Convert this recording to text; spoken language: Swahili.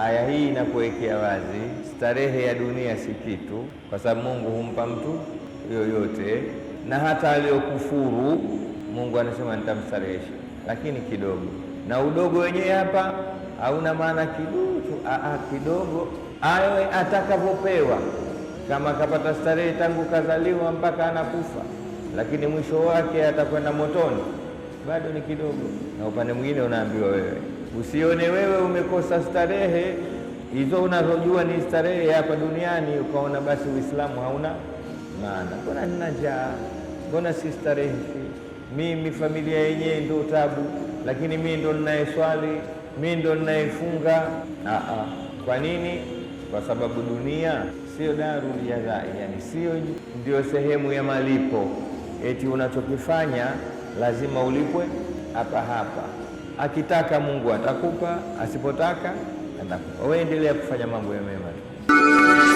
Aya hii inakuwekea wazi starehe ya dunia si kitu, kwa sababu Mungu humpa mtu yoyote, na hata aliyokufuru Mungu anasema nitamstarehesha, lakini kidogo. Na udogo wenyewe hapa hauna maana kidogo, a ah, ah, kidogo, awe atakavyopewa. Kama akapata starehe tangu kazaliwa mpaka anakufa, lakini mwisho wake atakwenda motoni, bado ni kidogo. Na upande mwingine unaambiwa wewe Usione wewe umekosa starehe hizo unazojua ni starehe hapa duniani, ukaona basi Uislamu hauna maana. Mbona nina njaa? Mbona si starehe? Mimi familia yenyewe ndio tabu, lakini mimi ndo ninayeswali, mimi ndo ninayefunga. Kwa nini? Kwa sababu dunia sio daru ya dhai, yani sio ndio sehemu ya malipo. Eti unachokifanya lazima ulipwe hapa hapa. Akitaka Mungu atakupa, asipotaka atakupa. Wewe endelea kufanya mambo ya mema tu.